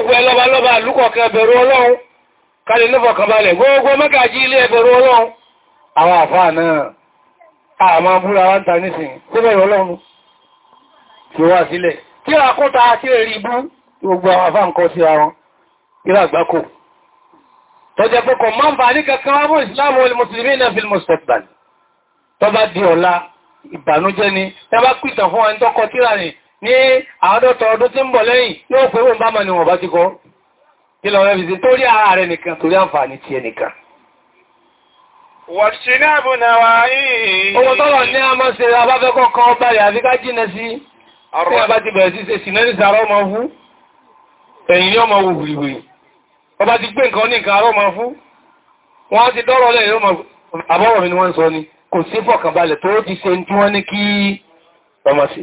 gbogbo ẹlọ́ba lọ́ba àlúkọ̀ọ́kẹ́ ẹbẹ̀rù ọlọ́run kalẹ̀ nífọ̀kànbalẹ̀ gbogbo mẹ́kàájí ilé ẹbẹ̀rù ọlọ́run àwọn àfáà náà àmà búra wá ń ta nísìn tí bẹ̀rù ọlọ́run tí wá sílẹ̀ tí àkóta tí èrí ibú gbogbo àwọn àfáà ń kọ́ sí ara wọn ìrà àgbákò tọ́jẹ́ pọ́kọ̀ máa ń fà ní kankan wá fún ìsìláàmù olùmùsùlùmí náà fi mùsùlùmí tọ́ba di ọ̀la ìbànújẹ́ ni tẹ́bá pìtàn fún ẹni tọ́kọ tíra ni ní àádọ́ta ọdún tí ń bọ̀ lẹ́yìn yóò pé wọ́n bá mọ̀ ní wọ̀n bá ti kọ́ kí lọ rẹ̀ fi sí torí ara rẹ̀ nìkan torí àǹfààní ti ẹnìkan wọ̀ṣínáàbù náà wà yìí ọmọ tọ́lọ̀ ní a mọ́ sí abáfẹ́ kọ́kọ́ ọba rẹ̀ àfíká jìnà sí tí a bá ti bẹ̀rẹ̀ sí ṣe sínà ní sàárọ̀ ọmọ fún ẹ̀yìn ọmọ wùwìwì ọba ti gbé nǹkan ní nǹkan arọ́ ọmọ fún wọ́n ti dọ́rọ̀ lẹ̀ àbọ̀rọ̀ mi ni wọ́n sọ ni kò sí fọ̀kànbalẹ̀ tó ti ṣe tí wọ́n ní kí ọmọ sí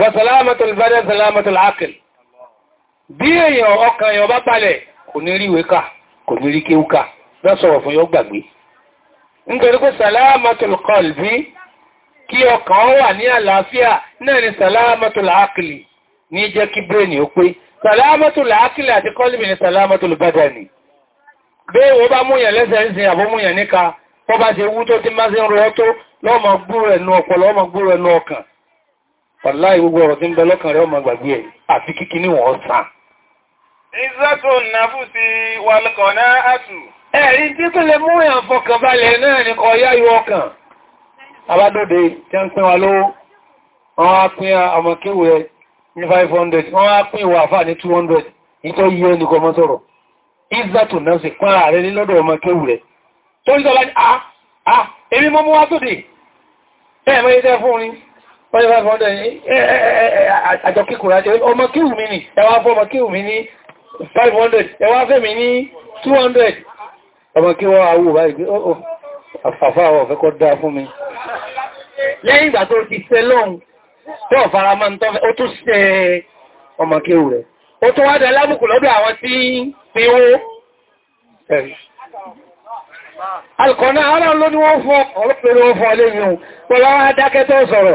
wà sàlámàtà ìbádẹ́ sàlámàtà l'ákìl bí èèyàn ọkàn èèyàn bá balẹ̀ kò ní rí wéka kò ní rí kéúka lọ́sọ̀rọ̀ fún yóò gbàgbé nítorí pé sàlámàtà l'kọlbí kí ọkàn wà ní àlàáfíà náà ni sàlámàtà l'ákìl ní jẹ́ kí bírèni ó pé sàlámàtà l'ákìl àti kọlbí ni sàlámàtà l'bádẹ́ni bẹ́ẹ̀ wọ́n bá múyàn lẹ́sẹ̀ ń sin àbúmúyàn níka wọ́n bá ṣe wú tó tí má sí ń rọ́ tó lọ́mọ gbúrò ẹnu ọpọlọ ọmọ gbúrò ẹnu ọkàn Wàláì gbogbo ọ̀rọ̀ tí ń bẹ lọ́kàn rẹ̀ ọmọ gbàgbé ẹ̀ àti kíkí ní wọ́n sàn. Ìzọ́tò nàfú sí wàlùkọ̀ná àtù. Ẹ̀rí tí kí lè mú ẹ̀yàn fọkàn balẹ̀ náà ní kọ yá yóò kàn. Abádóde tí ń pín wa lówó, wọ́n á pín ọmọ kéwò ẹ ní 500, wọ́n á pín ìwà àfà ní 200, ìtọ́ yíó ní kọmọ sọ̀rọ̀. Ìzọ́tò náà sì pán ààrẹ ní lọ́dọ̀ ọmọ rẹ̀. Tó ń sọ láti, ah, ah, èmi mọ́ mú wá tó dé. Bẹ́ẹ̀ mọ́ Ọjọ́ bá fọ́dọ̀ ní àjọ kíkùnrà jẹ́ ọmọ kíhù mi ní, ẹwà fọ́ ọmọ kíhù mi ní 500, ẹwà fẹ́ mi ní 200. Ọmọ kí wọ́n àwò báyìí pé ó oh, oh, àfàfà ọ̀fẹ́ kọ́ dáa fún mi. Lẹ́yìn ìgbà tó ti tẹ́ lọ́n tó ọ̀fara máa ń tọ́fẹ́, ó tó ṣẹ ọmọ kíhù rẹ̀. Ó tó wá dá lábùkù lọ́dọ̀ àwọn tí pínwó. Alkọ̀ọ́nà ara ló ní wọ́n fọ́ ọ̀rọ̀ pẹ̀lú lẹ́yìn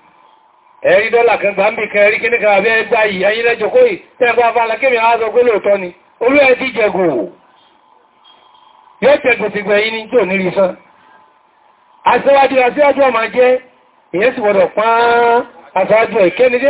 ẹ̀rí dọ́là kan gbà ń bì kan ẹ̀rí kíní kan àbẹ́ ẹgbà yìí ayín kó yìí tẹ́gbà fàlà kí mi á sọ pé lóòtọ́ ni olú ẹ̀ ti yóò jẹgò ti gbẹ̀ yìí ní tí ò sán aṣíwájú aṣíwájú ọmọ jẹ́ ìyẹn sì pán aṣáájú ìkẹ́ni tí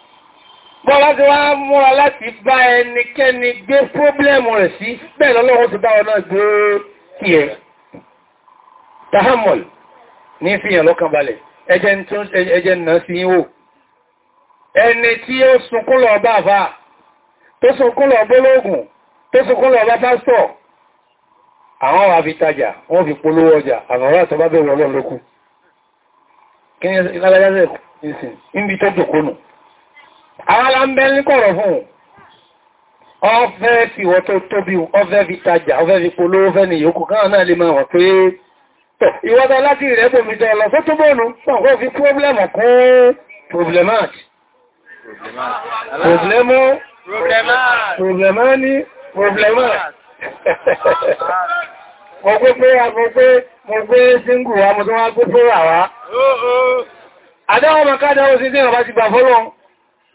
Bọ́lá ti wá múra láti bá ẹnikẹ́ni gbé pọ́blẹ́mù rẹ̀ sí, bẹ́ẹ̀ lọ́lọ́wọ́ ti bá ọ̀nà gbé kí ẹ. Tahammul ní fíyàn lọ́kàn balẹ̀, ẹjẹ́ nà sí ihò. Ẹni tí ó sunkún lọ bá àfá, tó sunkún lọ bólógùn, tó sunkún lọ bá pásítọ̀, àwọn wà fi tajà, wọ́n fi polówó ọjà, àwọn ọ̀rọ̀ àtọ́bá bẹ̀rẹ̀ ọlọ́lọ́kù. Kí ni lálájá àwọn alámbẹ́ ní kọ̀rọ̀ fún ọfẹ́ fi wọ́n tó tóbi ọfẹ́ fi tajà ọfẹ́ fi polo ọfẹ́ ni yòókù káà náà lè máa wọ̀ pé tọ̀ ìwọ́ta láti rẹ̀ bòmí tọ́ lọ sótó bóònù sọ̀kọ́ fi pọ́blẹ́mù kún problemat problemo problemani problemat mo gbé pé a mo gbé mo gbé single wa mo tó wá gbé pé wà wá adáwọn makádá ó sí tí wọ́n bá ti gbà fọ́lọ́run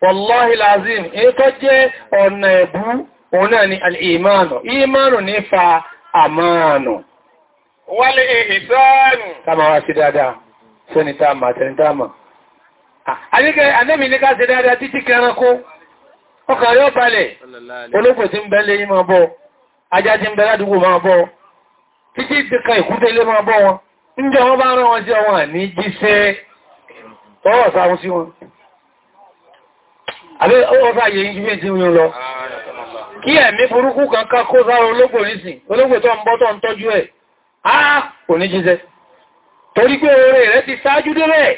wallahi lazim e to je ona ebu ona ni al-imanu imanu ni fa amanu wale ihsan kama wa sidada sani tama tani tama ani ke anemi ni ka sidada titi kanako o ka yo bale olo ko tin bale yi mo bo aja tin bale dugu mo bo titi ka kai ku tele mo bo won nje won ba ran won si won ni jise to sa won si àbẹ́ ọ̀rọ̀ ayé ibi tí wọ́n lọ kí ẹ̀mí burúkú kankan kó sára ológbò nísìn ológbò tó ń bọ́ tó ń tọ́jú ẹ̀ áà kò ní jíṣẹ́ torí pé oore rẹ̀ ti sáájú délẹ̀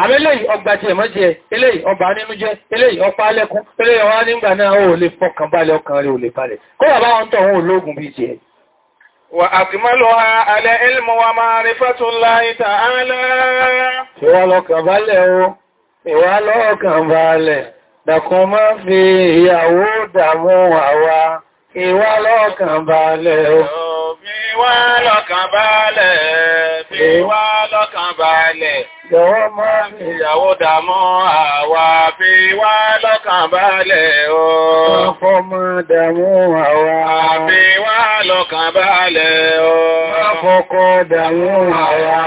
àmì eléyìí ọgbà tí ẹ̀mọ́ jẹ eléyìí ọba nínú jẹ eléyìí ọpa alẹ́kún eléyìí ọwá nígbà náà ó lè fọkàn balẹ̀ ọkàn rẹ̀ ò lè balẹ̀ kó bàbá wọn tọ̀ wọn ológun bí jẹ wà àtìmọ́lò ha alẹ́ ilmọ̀ wa máa rí fẹ́tùn láìta alẹ́ ìwọ́lọ́kàn balẹ̀ o ìwà lọ́ọ̀kàn balẹ̀ dàkùn má fi ìyàwó dàmú àwa ìwà lọ́ọ̀kàn balẹ̀ o ìwà lọ́ọ̀kàn balẹ̀ ìwà lọ́ọ̀kàn balẹ̀ Jọ̀wọ́ mọ́ ìyàwó dàmọ́ àwa fi wá lọ́kàn balẹ̀ o. Ọkọ mọ́ dàmọ́ àwa. Àfi wá lọ́kàn balẹ̀ o. Ọkọ̀kọ́ dàmọ́ àwa.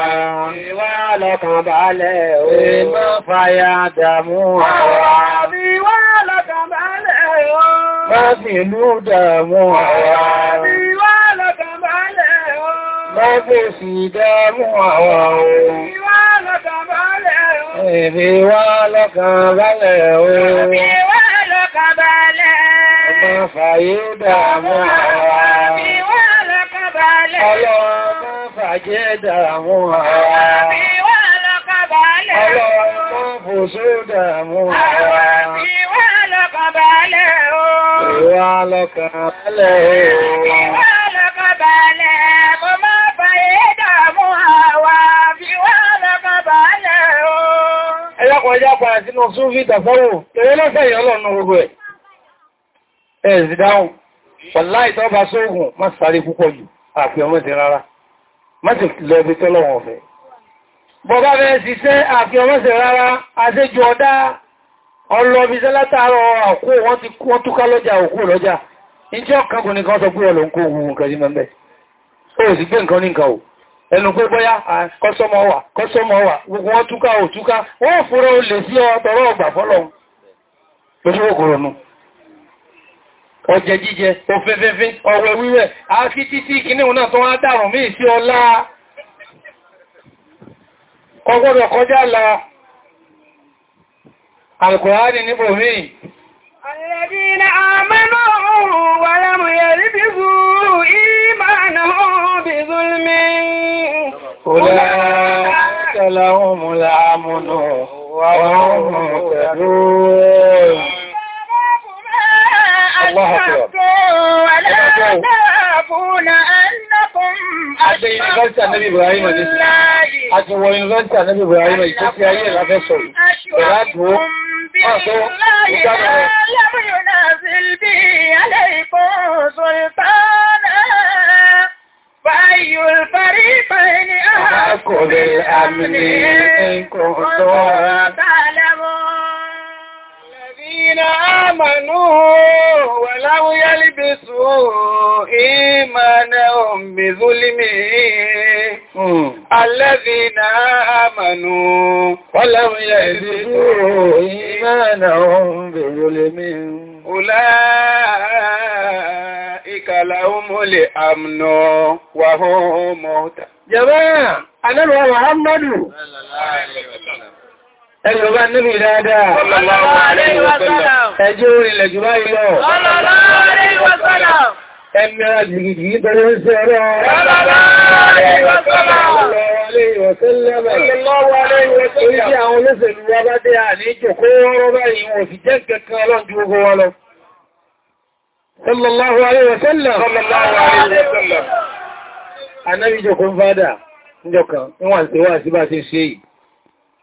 Fi wá lọ́kàn balẹ̀ o. Ìmọ́ fàyà dàmọ́ àwa. Fi wá lọ́kàn balẹ̀ o. Má fi lú dàmọ́ àwa. Fi wá lọ́kàn balẹ̀ o. Má fi sì dàmọ́ àwa o. Èmi wá lọ́kàn balẹ̀ ooo. Èmi wá lọ́kàn balẹ̀. Ọmọ fàyé dàmú àwa. Èmi wá lọ́kàn balẹ̀. Ọlọ́mọ fàyé dàmú àwa. Èmi wá lọ́kàn balẹ̀. Ọlọ́mọ fòsó dàmú àwa. Èmi wá ooo. Èmi lọ́kàn balẹ̀ ooo. kò sún fi tàfọ́wò eré lọ́sẹ̀yìn ọlọ́nà gbogbo ẹ̀ ẹ̀sì dáhùn pọ̀lá ìtọ́ba sóògùn má sáré púpọ̀ jù àfi ọmọ sí rárá má sì lọ ibi tọ́lọ̀wọ̀n ọ̀fẹ́ bọ́bá bẹ́ẹ̀ ṣiṣẹ́ àfi ọmọ sí rárá àṣejù ọ̀dá ọlọ́bíṣẹ́ látàárọ̀ àkó wọ́n túká lọ́jà òkú lọ́jà ìjọ́ kankan nìkan sọ pé ọlọ́ ẹnu pé bọ́yá kọ́sọ́mọ́ wà kọ́sọ́mọ́ wà gbogbo wọn túká ò túká wọ́n fúnra ó lè sí ọ̀tọ̀rọ ọgbà fọ́lọ́un lóṣòkòrò nù ọjẹ jíjẹ òfẹ́fẹ́fẹ́ ọwẹ́ wíwẹ̀ àákí títí kìíní náà tó wá dàrùn mí sí ọlá ọgbọ́dọ̀ kọjá la alkùnrin níbòmí Alẹ́dínà yunifásitì ànábì Ibrahim ní àti wọ yunifásitì ànábì Ibrahim ìtò sí ayé ìlàfẹ́ sọ̀rọ̀ ìrà àdúró فأي الفريقين أحق بالأمن إن كنتم àmànú wà láwúyá líbi sùúrù ìmànàhùn bìzúlímì alẹ́bìnà àmànú wà láwúyá líbi sùúrù ìmànàhùn bìzúlímì ọlá ìkàlà ọmọlè àmnà wà hó mọ́ta jẹ́bẹ́ ànẹ́bẹ̀ Muhammadu ẹgbẹ̀rún bá níbi dáadáa ẹjọ́ orílẹ̀ jù báyìí lọ ẹmẹ́ra jìgìjì nítorí ó ṣe ọ̀rọ̀ Oríṣẹ́ àwọn olóṣèlú wa bá dé à ní ìjòkó ọ̀rọ̀ báyìí wọ́n fi jẹ́ kẹkẹ ọlọ́run ju ogun wa lọ. Sallallahu alaihi wa sallam. Anábí ìjòkó ń fádà, ìjọkan, wọ́n wà ń tẹ́wà sí bá ṣe ṣe yìí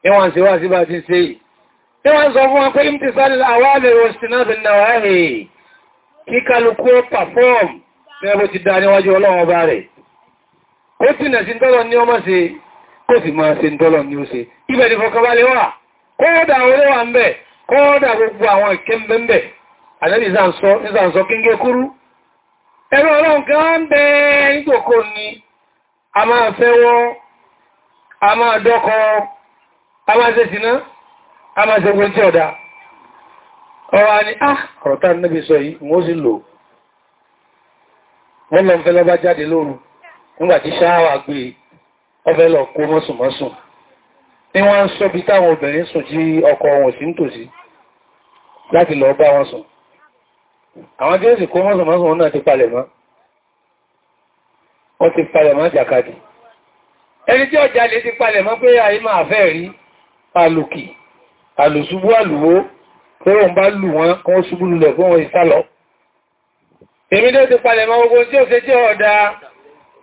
níwọ̀n sí wá sí bá ti ṣe yìí tí wọ́n sọ fún wọn pé ìmìtì sáré àwárẹ̀ òsìnàbì náwàáhì kí kálukú pàfọ́m mẹ́bọ̀ ti dá níwájú ọlọ́run ọba rẹ̀ ó ti nà sí tọ́lọ ní ọmọ sí kó sì máa ṣe tọ́lọ ní ó ṣe ibẹ̀ ni fọkànbalẹ̀ wà kóódà orí wà ń bẹ ẹ̀rọ ọlọ́run kan ń bẹ nítòkó ni a máa fẹ́ a máa dọ́kọ̀ọ́ a máa ṣe síná a máa ṣe gbẹ́ntí ọ̀dá ọwá ni á ah, ọ̀rọ̀ta níbi sọ yìí wọ́n sì lò wọ́n lọ fẹ́ lọ́bá jáde lóru nígbàtí ṣáwà gbé ọfẹ́ lọ kó mọ́sùnmọ́sùn ní wọ́n ń sọ bí táwọn obìnrin sùn tí ọkọ wọn sí nítòsí láti lọ bá wọn sùn àwọn tí ó sì kó mọ́sùnmọ́sùn náà ti palẹ̀ mọ́ wọ́n ti palẹ̀ mọ́ jàkadì ẹni tí ọjà lè ti palẹ̀ mọ́ pé àyí máa fẹ́ rí alùkì alùsúbú àlùwó tẹ́rọ ń bá lù wọn kọ́ ṣubú lulẹ̀ fún wọn ìsálọ èmi tó ti palẹ̀ mọ́ ogun tí ó ṣe tí ọ̀dá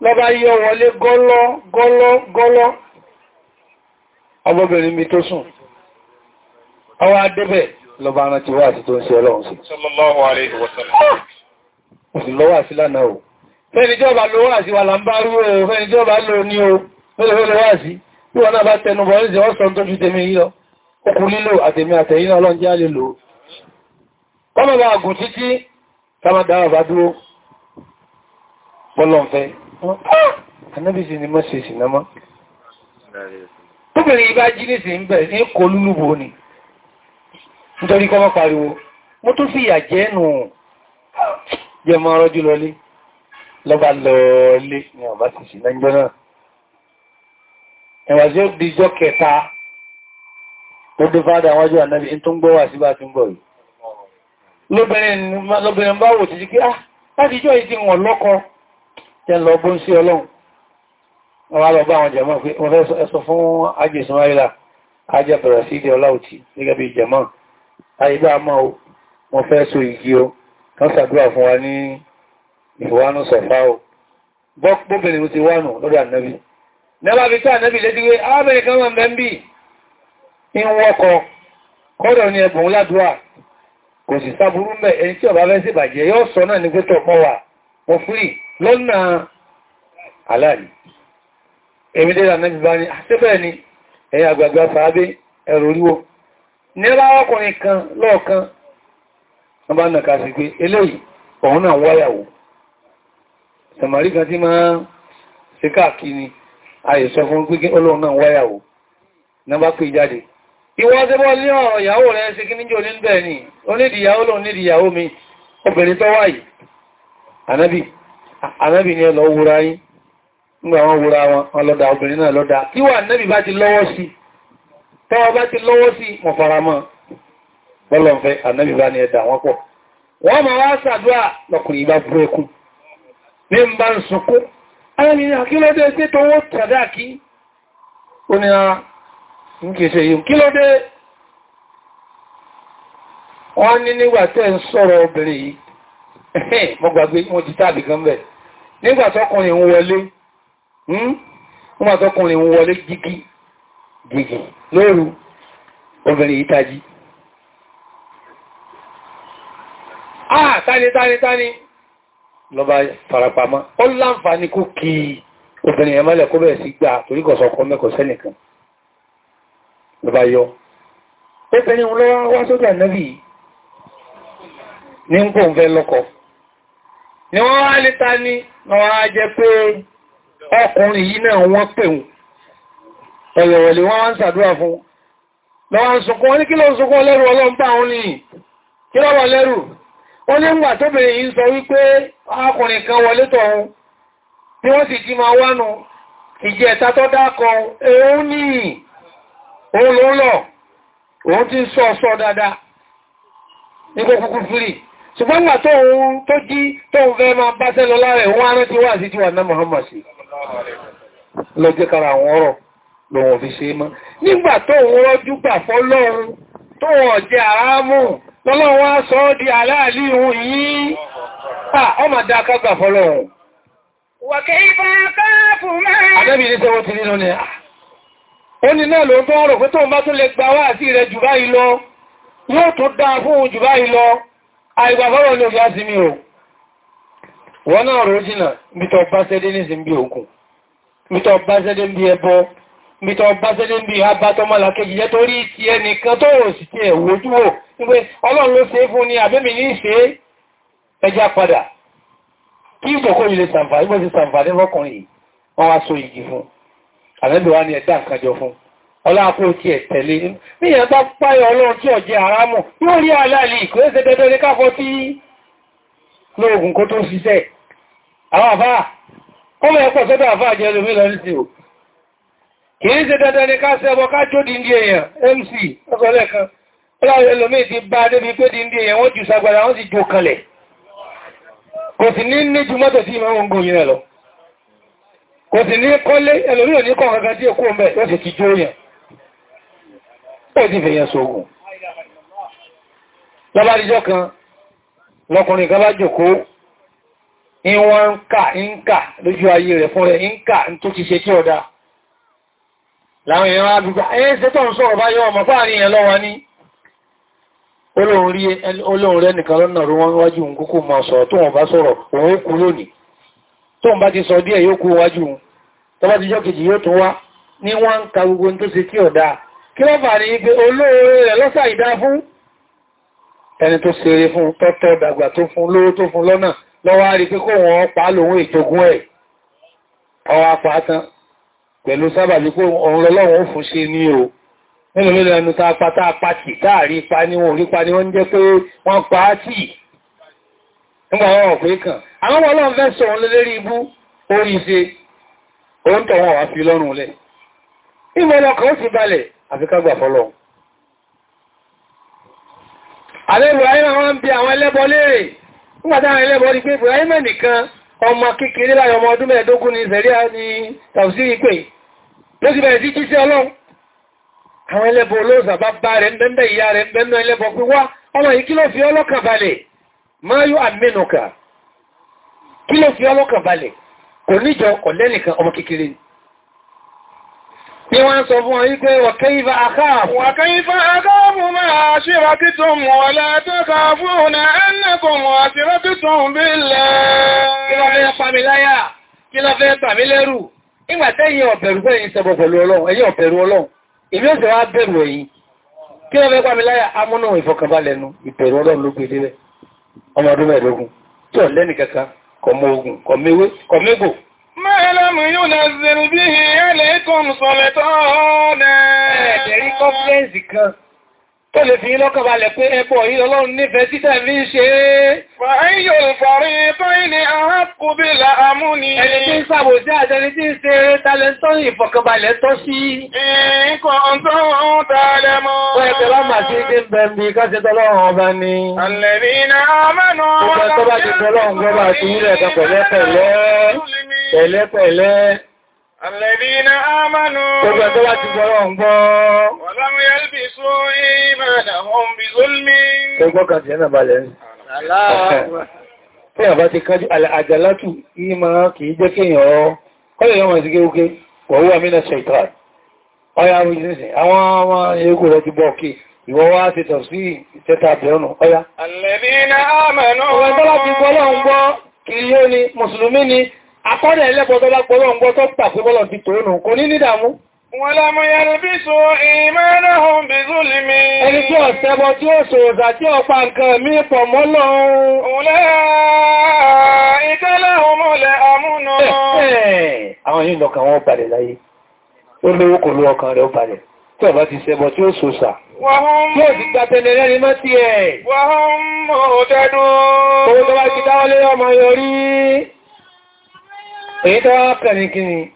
lọ́bá yọ wọlé gọ́lọ́ gọ́lọ́ gọ́lọ́ ọgbọ́bìnrin mi tó sùn ọwọ́ adébẹ̀ lọ́bá ara ti wá àti tó ń ṣe ọlọ́run sí sallallahu alaihi wasallam ah! bí wọ́n náà bá tẹnu bọ̀ ẹ́sẹ̀ ọ́sọ̀ tó ju tèmi yílọ ọkù lílò àtèmi àtẹ̀yìn ọlọ́njẹ́ alè lò ọmọ bá gùn títí tàbá dára bá dúró pọ́lọ̀fẹ́ anábìsì ah! ni mọ́ ṣe ìsìnàmọ́ ní kò lúlùbò ni nítorí kọ́ mọ́ pariwo mo tó fi ìyà jẹ́ nù ah! jẹ́ mọ́ ọrọ́jú náà ẹ̀wàjọ́ díjọ́ kẹta ó dé fádà wájú ànábì tó ń gbọ́wà sí bá ti ń gbọ́ yìí lóbìnrin bá wò ah, ti jí kí á láti jọ ìdí wọn lọ́kọ jẹ́ lọ bó ń sí ọlọ́run wọ́n lọ bá àwọn jẹ̀mọ́ pé wọ́n fẹ́ ẹsọ fún ajẹ́sùn àrílà ajẹ́ bẹ̀rẹ̀ sí ìdí ọláòtí gẹ́gẹ́ bí wa ní ìfòwánú sọ̀fá o bọ́bìnrin ti wánù lọ́dọ̀ ànábì Nẹ́bà bí ká nẹ́bì lédíwé, ábẹ̀rẹ̀ kan wọ́n mẹ́bí in wọ́kọ, kọ́dọ̀ ni ẹbùn ládùá, kò sì sáburú mẹ́ ẹni tí ọba fẹ́ sí bàjẹ́ yóò sọ náà ní pẹ́tọ̀ pọ́ wà, mo fúrì lọ́nà aláàrí. Èmi dé lànẹ́bì bá ní, àṣẹ́bẹ̀ ah, ni ẹ̀yà àgbàgbà fàábé ẹ̀rọ oríwó. Nẹ́bà ọkùnrin kan lọ́ọ̀kan, wọ́n bá nàka sí pé eléyìí, òun náà wáyàwó. Sàmàrí kan tí máa ṣe káàkiri àìsọ fún gbígbé olóhun náà wáyàwó náà bá pè jáde ìwọ́n tí wọ́n lé ọ̀rọ̀ ìyàwó rẹ̀ sí kí ní jò níbẹ̀ ni ó nídi ìyàwó lòun nídi ìyàwó mi obìnrin tó wáyìí anábì ni ẹlọ wúra yín nígbà wọn wúra wọn ọlọ́dà obìnrin náà lọ́dà kí wà anábì bá ti lọ́wọ́ sí tọ́wọ́ bá ti lọ́wọ́ sí mọ̀ faramọ́ bọ́lọ̀fẹ́ anábì bá ní ẹ̀dà wọn pọ̀ wọ́n máa ẹni àkílódé sí tó wó tàdá kí ó ní a ń kèsè yìí kílódé wọ́n ní nígbà tẹ́ ń sọ̀rọ̀ obìnrin yìí mo gbàgbé mo ti tàbí kan bẹ̀ nígbà tọ́kùnrin ń wọlé hmm? nígbà tọ́kùnrin ń wọlé gígí gígí lóru obìnrin yìí tají ah tani tani tani lọ́ba farapamọ́ ó láǹfààní kó kí obìnrin ẹ̀mọ́lẹ̀ kó bẹ̀rẹ̀ sí gbà torí kọ̀sọ̀kọ́ mẹ́kọ̀ sẹ́nìkan lọ́ba yọ obìnrin lọ́wọ́ wá sódà nẹ́bì ní ń pòun fẹ́ lọ́kọ ni wọ́n wá lé ta ní wọ́n á jẹ́ pé ọkùnrin yìí náà wọ́n pè wọ́n ọ̀yọ̀wọ̀lẹ̀ wọ́n wá ń ṣàdúrà fún lọ́wọ́ ń sunkún wọ́n ní kí ló sunkún lẹ́rù ọlọ́mbà onye ní ń gbà tóbìnrin yìí sọ wípé ọkùnrin kan wọlé tọ̀hún tí wọ́n sì ti máa wánu ìjẹ́ ẹ̀ta tó dákọ ní òun ló lọ òun ti sọ sọ dada. dáadáa kúkú fúrì ṣùgbọ́n gbà tó òun tó jí tó ń fẹ́ máa bá sẹ́lọ ti wà sí lọ ọrọ fi lọ́lọ́ wá sọ di aláàlì ìhun yìí à ọmọ dáka gbà fọ́lọ̀ wọ̀kẹ́ ìbọn káàkù mẹ́rin adẹ́bì ní sẹ́wọ́ ti nínú ni ó ní náà ló ń tọ́rọ pé tó ń bá tó lè gbà wá sí rẹ̀ jù báyìí lọ yóò tó dáa fún jù báyìí lọ àìgbàfọ́rọ̀ ní òjá sí mítọ̀ bá sẹ́lé ń bí àbá tọ́mọ́lá kejì jẹ́ torí ti ẹnìkan tó rò sí ti ẹ̀wò ojúwò wípé ọlọ́run ló ṣe fún ní àbẹ́mì ní ṣe ẹjá padà kí ìjọkó ilé sàǹfà ìgbọ́n sàǹfà ní lọ́kùnrin wọ́n wá so igi fún ni ẹ̀dá nǹkan jọ fún ọlọ́pọ̀ ti ẹ̀tẹ̀lé níyàn bá páyọ ọlọ́run tí ọ̀jẹ́ àrámù yóò rí aláàlì ìkúrẹ́sẹ̀ kìí ṣe dandan ní ká ṣẹbọ ká jó dìndí èèyàn mc ọ̀sọ̀lẹ̀ kan ọláwọ̀ ẹlòmí ti bá débi pé dìndí èèyàn wọ́n jù sagbàrà wọ́n sì jò kalẹ̀ kò sì ní ní ju sí ìmọ̀ ogun yìí lọ kò sì ní kọ́lé ẹlòmí ò ní kọ́ kankan tí èkó mẹ́ ti jó yàn láwọn èèyàn agbègbè ẹ́ ṣe tó ń sọ̀rọ̀ báyọ́ ọmọ fáàrí yẹn lọ́wọ́ ní olóhun rẹ̀ nìkan lọ́nà rú wọn wájú òun kókó máa sọ̀rọ̀ tó wọ́n bá sọ̀rọ̀ òun ó kú lónìí tó ń bá ti sọ díẹ̀ yóò kú wájú òun tó bá ti jọ́ kejì yóò tún wá ní wọ́n pẹ̀lú sábàbí pé ọ̀run lọ́wọ́ fún ṣe ní o nínú mílò ẹnu ta pátá pàtì táàrí ipa ní wọn orípa ni wọ́n jẹ́ pé wọ́n pa á tì nígbà wọn ọ̀pẹ́ kàn àwọn ọmọ ọlọ́run fẹ́ sọ òun lérí ibú orí ṣe òun tọ̀ wọn wá nìkan ọmọ kékeré láyọ ọmọ ọdún mẹ́ẹ̀ẹ́dógún ni zẹ̀ríà ni tàbí sí ìpè ló ti bẹ̀rẹ̀ sí kí sí ọlọ́run àwọn ẹlẹ́bọ olóòsà bá bá rẹ̀ ńbẹ́ńbẹ́ ìyá rẹ̀ ńbẹ́ńbẹ́ ẹlẹ́bọ pé wá ọmọ yìí kí ló fi ọlọ́kàn balẹ̀ máa yóò àmẹ́nùkà kí ló fi ọlọ́kàn balẹ̀ kò níjọ ọ̀lẹ́nìkan ọmọ kékeré ni Bí wọ́n sọ fún ọ̀yí pé wàkàífà àkáàfù. àkáàfù nígbà tẹ́yìn ọ̀bẹ̀rù pé ẹ̀yin ṣẹbọ pẹ̀lú ọlọ́run ẹ̀yin ọ̀bẹ̀rù ọlọ́run èmi ó sì wá bẹ̀rù ẹ̀yin kí wọ́n fẹ́ pàmí láyà amúnú ìfọkànbalẹ̀ nu ìbẹ̀rù ọlọ́run ló gbèdé rẹ̀ ọmọ ọdún mẹ́ẹ̀ẹ́dógún tí ò lẹ́nì kankan kọmọ ogun kọmẹwé kọmẹgò. mẹ́ẹ̀lẹ́mù yóò lọ sí ibi ìyá tó lè fi lọ́kàn balẹ̀ pé ẹbọ yìí ọlọ́run nífẹ̀ẹ́ títà ní ṣe é. fàáyò ìfọ̀rí báyìí ni arákùnbílà amúni. ẹni tí ń sàbò sí àtẹni tí ń ṣe talẹ́ntọ́ ìfọ̀kànbalẹ̀ tọ́ sí. nǹkan tó ń dalẹ̀ mọ́. wọ́n ẹgbẹ́ bá màá sí ṣe ń bẹ̀ bí káṣẹ́ tọ́lọ́run ọba ni. àlẹ́bí náà mẹ́nu wọn. ó fẹ́ tọ́ bá ti tọ́lọ́run gbọ́ Àlẹ́bìnà ámànù. Gbogbo ẹ̀tọ́ wá ti gbọ́rọ̀ ń gbọ́. Wàlámù yálbì só ìmẹ̀rẹ̀ àwọn bí zulmi. Gbogbo kan ti ẹ̀nà balẹ̀ ní. Tí ti kájú sí kéwúké, wọ̀wọ́ Ọya amújínsìn, àwọn ọmọ ẹgbò rẹ̀ ti ti tọ̀ sí ìtẹta àbẹ̀ọ́nù. Ọya. Àlẹ́bìnà ámànù. Ọ̀rẹ́ akọ́dẹ̀ ẹlẹ́bọ̀tọ́ bá pọ̀lọ́ ń gbọ́ tó pàṣẹ bọ́lọ̀ ti tó nù kò ní nídàmú. wọ́n lámọ́ yàrá tí ọba ti ṣẹbọ tí ó ṣòṣà tí ó ti gbàtẹ̀lẹ̀ rẹ̀ ní mọ́tí ẹ̀. wọ́n mọ̀ ọ́ owó tó bá ti dáwọ́lé ọmọ yọrí èyí tó wá kàn kí ni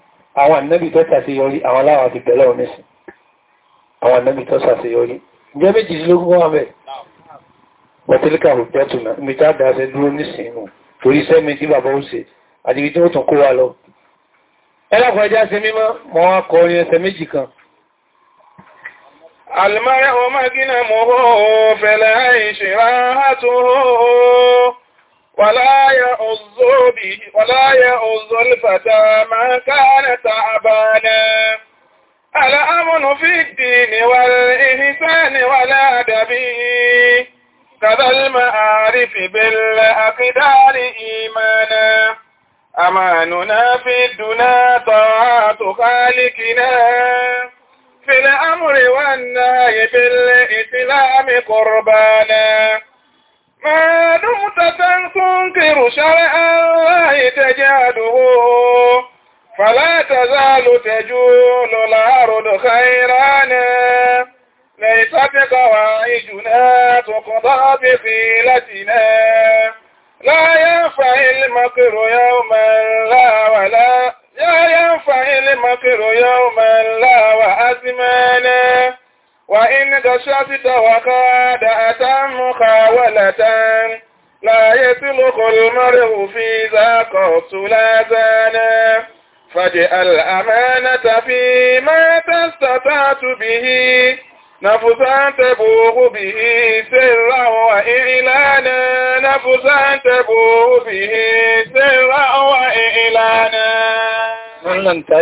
àwọn ànábì tó ṣàṣeyọrí àwọn aláwọ̀ ti bẹ̀lẹ̀ ọ̀nẹ́sìn àwọn ànábì tó ṣàṣeyọrí jẹ́ méjìdínlógún wọ́n bẹ̀ pẹ̀tẹ́lẹ́kà rùpẹ́tùnà mítà dáṣẹ́ dúró nísìnyìnú torí sẹ́mi tí bàbá ó ṣe àdìbí tí ó tún kó wa ولا يؤذ به ولا يؤذ الفتى ما كان تعبانا الأمن في الدين والإحسان والأدب كذا المعارف بالأقدار إيمانا أماننا في الدنا طاعة خالقنا في الأمر والنهي بالإسلام قربانا ما دمت تنكر شرعا الله تجاده فلا تزال تجول الأرض خيران ليست قواعدنا تقضى بخيلتنا لا ينفع المكر يوما لا ولا لا ينفع المكر يوما لا وأزمانا وإن كشفت وقاد أتم مخاولة لا يسلخ المرء في ذاك لا زانا الأمانة فيما تستطعت به نفسا تبوغ به سرا وإعلانا نفسا تبوغ به سرا وإعلانا. من نعم،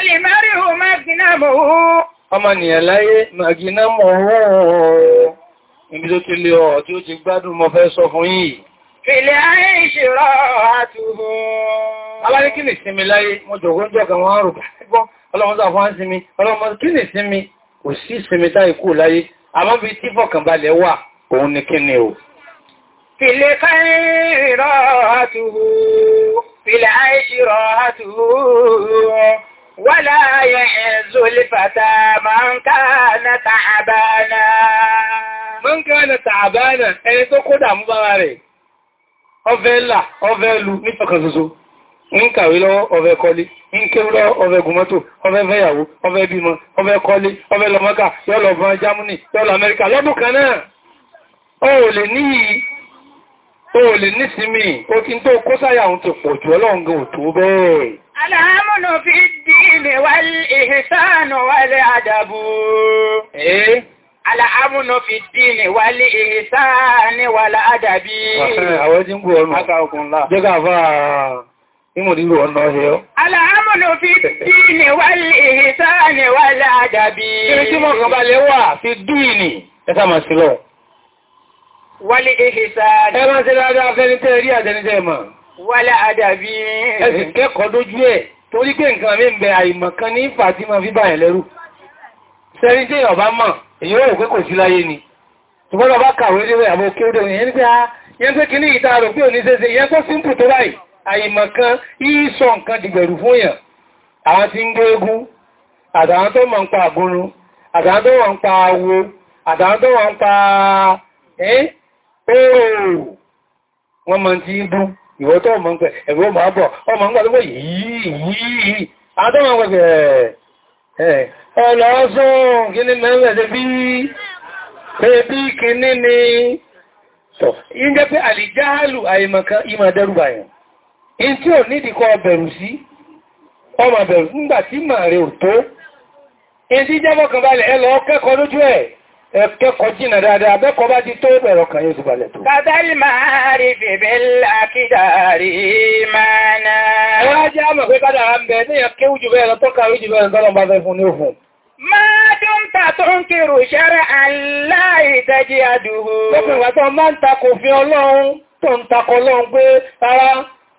المرء مجنمه ọmọnìyàn láyé màgínà mọ̀ ọ̀rọ̀ ibi tó ti lè ọ̀ tí ó ti gbádùn mọ́ fẹ́ sọ fún yìí fìlẹ̀ ayé ìṣèrọ̀ àtùhùn aláríkí lè sinmi láyé wọ́n jọ̀gọ́jọ́ kan wọ́n rò gbọ́ ọlọ́mọdá fún sinmi ọlọ́mọdá kí lè sinmi kò sí sinmi táì láyé Wọ́lá ayẹ ẹ̀zù lífàtà máa ń ká na tàbánà. Máa ń ká na tàbánà ẹni tó kó dàmú bára rẹ̀. Ọfẹ́ là, ọfẹ́ lu nífẹ̀kan ṣoṣo. Ń kàwé lọ́wọ́ ọfẹ́ kọlé, ń ké lọ́wọ́ ọfẹ́ gùnmọ́tò, ọfẹ́ fẹ́yàwó, ọfẹ́ bímọ, ọfẹ́ kọlé, ọfẹ́ lọmọ́kà, yọ́lọ̀ bọ́n Jámúnì, fi العلم والإحسان والأدب إيه الأمن في الدين والإحسان والأدب أوجين بورو أكاكم الله جيكا فا Ìmòdí rò ọ̀nà ọ̀hẹ́ ọ́. Aláàmùnù fi dìínì wà lè ìsáàni wà láàdàbí. Kí tí mọ̀ kan bá lè wà fi dìínì ẹta màá sí lọ. Wà Ẹ máa ṣe torí pé nǹkan mi ń bẹ àìmọ̀kan ní fàtímọ̀ fíbà ẹ̀ sẹ́rí tí èyàn mọ̀ èyí ó pé kò sí láyé ni ṣùgbọ́n bá kàwé lé àbò kéde òyìn ní pé a ah, yẹn pé kìíní ìta rò pé ya ṣeṣe yẹn tó símpù tó ya àìmọ̀kan yìí sọ pa pa awo ìwọ tó ọmọ ń pẹ ẹ̀rọ ọmọ àbọ̀ ọmọ ń gbàdúgbò yìí yìí adọ́mọ̀ pẹ̀pẹ̀ ọlọ́ọ̀sùn kíní mẹ́rin ẹ̀dẹ́ bí jẹ́ pé àlìjáàlù àìmọ̀kan ìmọ̀ dẹ́rùbà yẹn in tí ẹ̀ ẹ̀kẹ́kọ̀ọ́ jìnà dáadáa bẹ́kọ̀ bá ti tó bẹ̀rọ kan yóò túbàlẹ̀ tó. Kàtàlì máa rí bèbè lákìdàrí máa náà. Wọ́n á àmọ̀ pé kádàrá ń bẹ ní ẹ̀kẹ́ òjù bẹ́ẹ̀ lọ tọ́ka òjù bẹ́ẹ̀ lọ́nà bá fẹ́ fún ní ta tó ń kírù ṣẹ́rẹ̀ aláìtẹ́jì àdúgbò. Lọ́pìn ìwà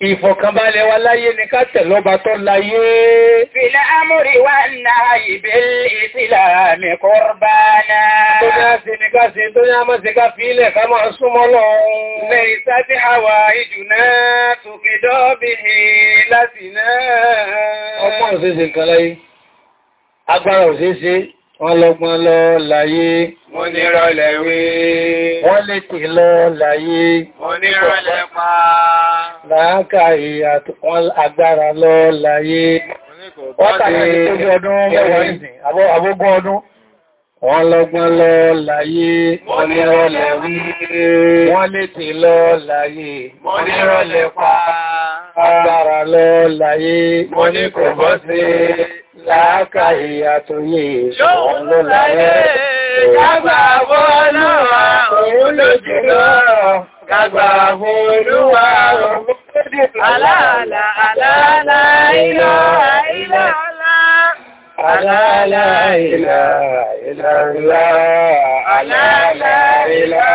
Ìfọ̀kànbalẹ̀ wa láyé ni ká tẹ̀lọ́ba tó láyé. Fìlà ámúrí wà náà ìbẹ̀lẹ̀ ìsìlà mi kọ́rbánà. Tó ní a sì ní ká sí tó ní a máa sì ká fílẹ̀ ká máa súnmọ́ lọ́run. Lẹ́ ìsábí àwà ìjùná tòkèdọ́ bí láti náà. Ọgbọ́n òṣèṣe kan láyé, agbára òṣèṣe Wọ́n lọ́gbọ́n lọ láyé. Wọ́n nírọ̀lẹ̀ wé. Wọ́n létè lọ láyé. Wọ́n nírọ̀lẹ̀ pa. Láákà ìyà wọ́n agbára lọ láyé. Wọ́n tàbí ọdún mẹ́wàá ìsìn, àbógún ọdún. Wọ́n lọ́gbọ́n lọ láyé. Wọ́n nírọ̀lẹ̀ wé. Wọ́n létè lọ láyé. Wọ́n nírọ̀lẹ̀ pa. Agbára lọ láyé. Wọ́n ní kò láàkàrí àtúnyé ìṣòwò ló láyé. Kágbà fún Olúwa olójúlọ, kágbà fún Olúwa aláàlá aláàlá ilá ilá aláàlá ilá ilá ilá aláàlá ilá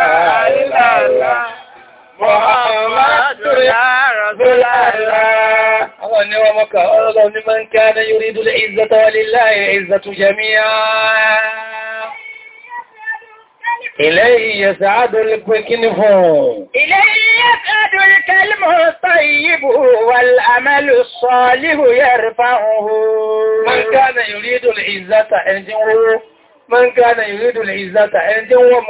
ilá ilá Muhammadu ya Rasulallah. وأني ومك أرضون من كان يريد العزة ولله العزة جميعا إليه يسعد الكنف إليه يسعد الكلم الطيب والأمل الصالح يرفعه من كان يريد العزة عنده من كان يريد العزة عنده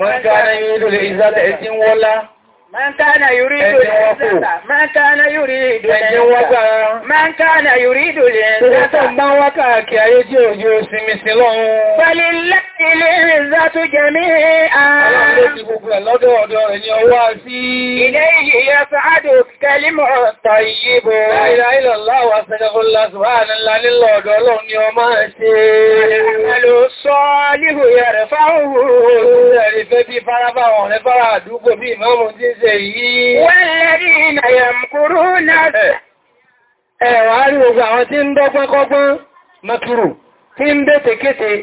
من كان يريد العزة عنده Man kana yuridu al-izzata, man kana yuridu al-izzata, man kana yuridu al-izzata. Tó tó bá wákàkì ayé tí òjò sinmi sí lọ́run. Pẹ̀lú lẹ́kọ̀ọ́ ìzátú jẹmí Àlòsọ́líhù yẹ̀rẹ̀ fáwọn òòrùn ẹ̀rẹ̀ fẹ́ bí faraba wọn rẹ̀ fara àdúgbò bí ìmọ́mù tí ń ṣe yìí. Wọ́n lẹ́rí ìnàyàn kúrú náà. Ẹ̀wà rí ogun àwọn tí ń dọ́gbọ́n kọ́gbọ́n, mọ́kúrù, tí ń bẹ́ tẹ́kẹ́tẹ́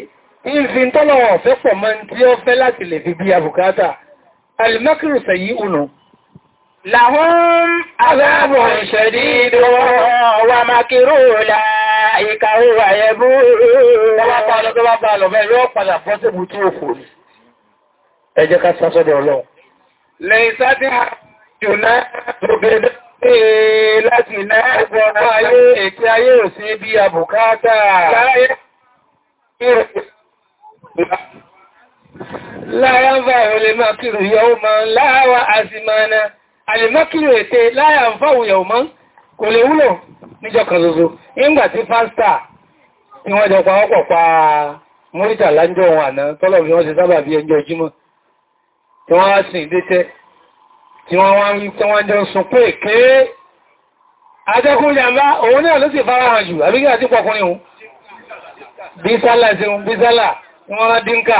ìfi tọ́lọ̀wọ̀ ọ̀fẹ́ pọ̀ mọ́ tí ó fẹ́ láti lè fi bí àbùkátà alimakiru sẹ̀yí ùnà lahum azabun shadidu wa makiru la ìkàwò àyẹ̀bú ẹjẹ́ ká ayé ètí ayé òsí bí àbùkátà láyé láyàmfà olèmákìrù yau man láwà àzìmánà alèmákìrù ètè láyàmfà yau man kò lè wúlò níjọkàn zozo nígbà tí fásità tí wọ́n jọ pàwọ́pọ̀ pa mórítà láńjọ́ wọn àná tọ́lọ̀ bí wọ́n ṣe sábà bí ẹjọ́ jímọ̀ tí wọ́n á sìn dẹ́tẹ́ tí wọ́n wá ń tí wọ́n jọ sùn pé kéé ajẹ́kùn jàmbá òun náà ló sì fara dínkà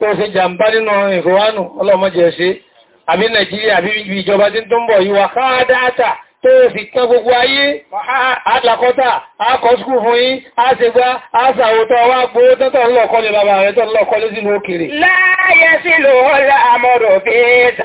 tó ṣe jàmbá nínú ìfòwánù ọlọ́mọjẹ ṣe àbí Nàìjíríà àbí ìjọba tí tó ń bọ̀ yíwa káàdáta tó fi kán gbogbo ayé àtàkọ́ta àkọ́sùkú fún yí àṣègbá àṣàwòtọ́ wá gbówó tọ́tọ̀ ńlọ̀kọ́lẹ̀ bàbá rẹ̀ tọ́lọ̀kọ́lẹ̀ sínú òkèrè láyé sílò ọlá àmọ́rò fèèsà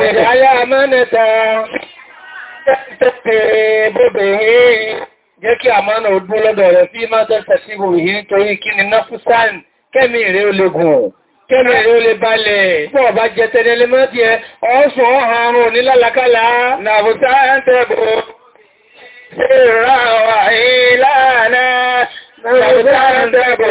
Ẹ̀dáyà amánẹta tẹ́tẹ̀ẹ́ bóbìnrin jẹ́ kí àmánà ọdún lọ́dọ̀ rẹ̀ fí máa tẹ́tẹ̀ sí bòbìnrin torí kí ni náfúsán kẹ́mì rẹ̀ ó lè gùn. Kẹ́mì rẹ̀ ó lè balẹ̀. Bọ́ bá jẹ tẹ́lẹ̀ mọ́tí ẹ, ọ̀ọ́sùn ọ̀hàrùn ní lálàkálà. Nàbùtá ẹ̀ tẹ́bù. Ṣé ìrà wà ìlànà. Nàbùtá ẹ̀ tẹ́bù.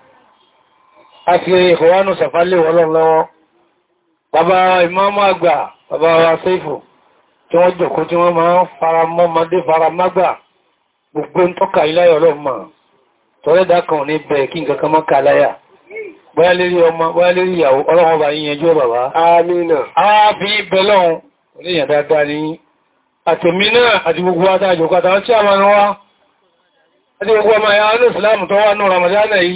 àti ìkọ̀wánù sàfálẹ̀ ọlọ́lọ́wọ́ bàbá ìmọ́mọ́ àgbà bàbá wa Sẹ́ìfù tí wọ́n jòkó tí wọ́n máa ń fara mọ́mọdé fara mágbà gbogbo ń tọ́ka iláyọ̀ ọlọ́mọ tọ́lẹ́dà kan ní bẹ̀ kí nǹkan kan mọ́ka láyà bóyá lérí ọmọ bóyá lérí ìyàwó ọlọ́wọ́ bá yíyanjú bàbá àmìnà ààbí bẹ̀lọ́hun oníyàn dáadáa ní àtẹ̀mí náà àti gbogbo adájọ́ kàtàkì àwọn wa àti gbogbo ọmọ ìyàwó Islam tó wà ní Ramadan yìí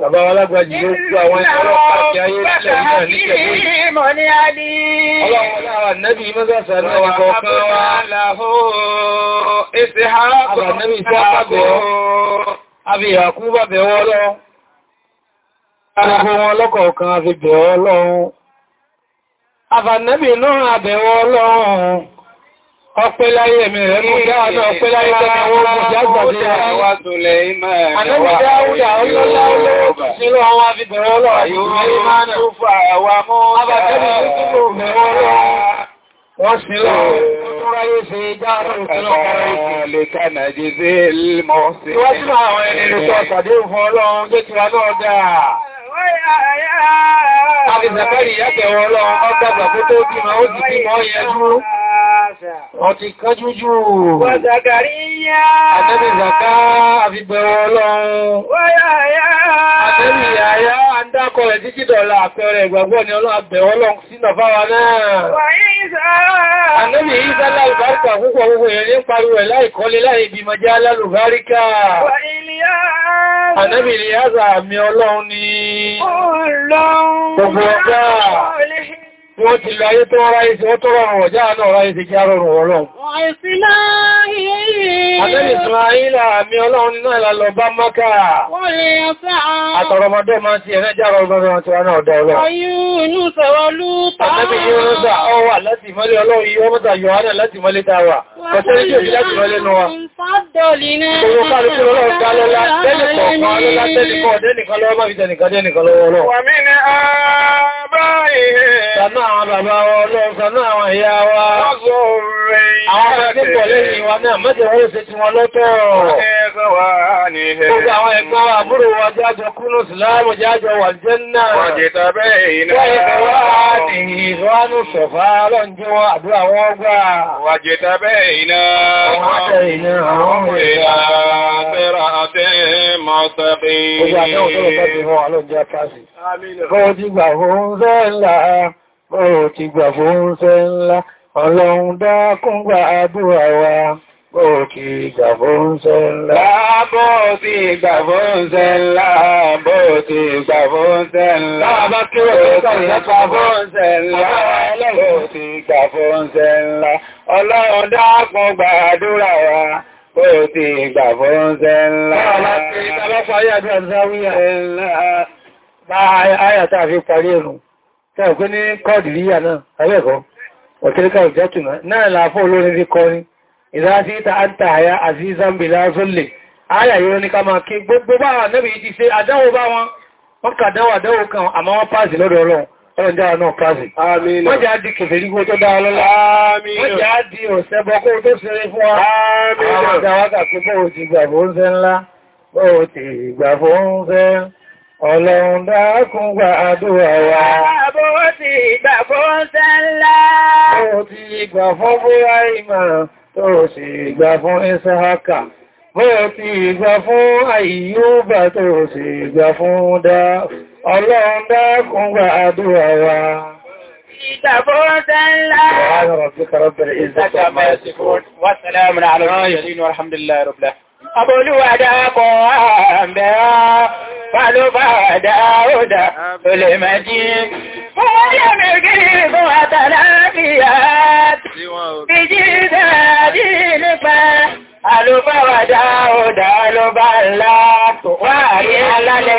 Bàbá alágbàjì ló kú àwọn ọlọ́pàá kí ayé tẹ̀lé náà ní tẹ̀lé. Ọlọ́run lára nẹ́bí mọ́sàsà náà wà kọ̀ọ̀kan wá. Àbà nẹ́bí sọ́pàgbẹ̀ ọ́. Àbí ìhàkú bàbẹ̀ wọ́ lọ. Àbà wọn Ọpẹ́ láyé ẹ̀mí rẹ̀ mú dáadọ́ ọpẹ́ láyé tẹ́lẹ̀ wọ́n mú jágbàdé àwọn àtúnlẹ̀ ìmọ̀ ẹ̀wà àwúdà ọlọ́lá olóògbà sílọ àwọn abìbẹ̀rẹ̀ ọlọ́rọ̀ yóò rí máa ń tó fà àwọn mọ́ àbàtẹ́bì tó túnbò mẹ́rọ ọlọ́rọ̀ wọ́n sílọ ráyé ṣe dáadọ́ ìṣẹ́lọ́ ọ̀rọ̀ ìṣẹ́ lè kánà jẹ́ sí ilmọ̀ sí. Wọ́n sílọ àwọn ẹni rẹ̀ sọ pàdé fún ọlọ́run jẹ́ ti wá náà dáa. ọgbàgbà tó tó bí ma ó ti bí mọ́ yẹn dúró ọ̀tí kánjújú wà Zakariya àtẹ́bì zaka àfibẹ̀rọ ọlọ́run wáyà yá àtẹ́bì yáyá àndákọ̀ rẹ̀ títí dọ̀la àpẹẹrẹ ìgbàgbọ́ ni ọlọ́run àbẹ̀rọ ọlọ́run sínà fáwa náà wáyé Ànábì Ìsá láìbárkà púpọ̀ gbogbo èèyàn ní pariwo ẹ̀ láìkọ́lé láì bí mọjá lálùbáríkà. ni. Ọlọ́run. Gbogbo ọjọ́ tí wọ́n ti lọ ayé tó ráyé sí wọ́n tó rọrùn ọjá náà ráyé sí kí á rọrùn ọlọ́run. Àtẹ́lì Ìsìnláìlà àmì ọlọ́run náà lálọ bá Mákà. Àtọ̀rọmọdé máa ti ẹ̀rẹ́ já rọrùn ọjọ́ náà ọ̀dọ̀ ọlọ́run. Ayúnú sọ̀rọ̀ lúta. Àtẹ́lì Ìsìnláìlà ọwà láti mọ́lé ọlọ́run yíó mọ́ta Yohana láti mọ́lé tàwà. Kọ̀tẹ́lì tí ò fi láti mọ́lé nù wa. Owó kálukú lọ́lọ́run dá lọ́lá, tẹ́lì kọ̀ọ̀kan lọ́lá, tẹ́lì kọ̀ọ̀dẹ́nìkan lọ́wọ́ àwọn bàbá wa ọlọ́run sanú àwọn ìyá wa. Àwọn akẹ́kọ̀ọ́ lẹ́yìn wa náà mẹ́jẹ̀ wọ́n ṣe ti wọn lọ́tọ̀. Gbogbo àwọn ẹ̀kọ́ wa àbúrò wa jájọ kúrò síláàmù jájọ wà jẹ́nà. Wọ́n jẹ́ tàbẹ́ ìná. Wọ́n jẹ́ tàbẹ́ ìná. Wọ́n jẹ́ tàbẹ́ ìná. Gbogbo àjọ́ òṣèrè tàbí wọn àlọ́ jẹ́ káàsì. Kọ́ bọ́ọ̀ ti gbà fóúnṣẹ́ ńlá ọlọ́run dákún gbà àdúrà wa bọ́ọ̀ ti gbà fóúnṣẹ́ ńlá bọ́ọ̀ ti gbà fóúnṣẹ́ ńlá bọ́ọ̀ ti gbà fóúnṣẹ́ ńlá bá ó ti gbà fóúnṣẹ́ ńlá bọ́ọ̀ ti gbà fóúnṣẹ́ ńlá ọlọ́run dákún gbà àdúrà wa bọ́ọ̀ ti gbà fóúnṣẹ́ ńlá bá ayàtà fi parí ẹ̀rùn Táwọn pé ní kọ́ọ̀dì ríyà náà, abẹ́ẹ̀kọ́, ọ̀tẹ́ríkà ìjátùmá, náà làáfọ́ olórin rí kọ́ ní, ìdásí ta á ń ta àyá àzízán bèlá zọ́lẹ̀, áyà yóò ní ká máa kí gbogbo bá wà nẹ́bì yìí ti ṣe àdáwò bá wọn, wọ́n kà dáwò àdáwò kan àmọ́ wọ́n páàsì lọ́dọ̀ Ọlọ́run, Ọlọ́run dára náà páàsì. Wọ́n jẹ́ á di kèfèrí kó tó dára lọ́lá. Wọ́n jẹ́ á di ọ̀sẹ́bọ kó tó ṣeré fún wa. Àwọn àdáwà kà pé bọ́ọ̀ ti gbà fún ń fẹ́ ńlá, bọ́ọ̀ ti gbà fún ń fẹ́. Ọlọ́run dákun gba àdúrà wa. Àbò ti gbà fún sẹ́lá. Ó ti gbà fún Búráìmà tó sì gbà fún Ìsáhákà. Bó ti gbà fún Àìyúbà tó sì gbà fún Dá. Ọlọ́run dákun gba àdúrà wa. Ìgbà fún sẹ́lá. Wàhálà rọ̀ Abolúwàdá kọ̀ àbẹ̀rá, Fàlúfàdá òdà, Olèmẹ́jì. Fọ́lá mẹ́gírí fún àtàláfíà, Ìjí dáadí nípa, Àlúfàwàdá òdà ló bá ńlá, Wà ní alálẹ́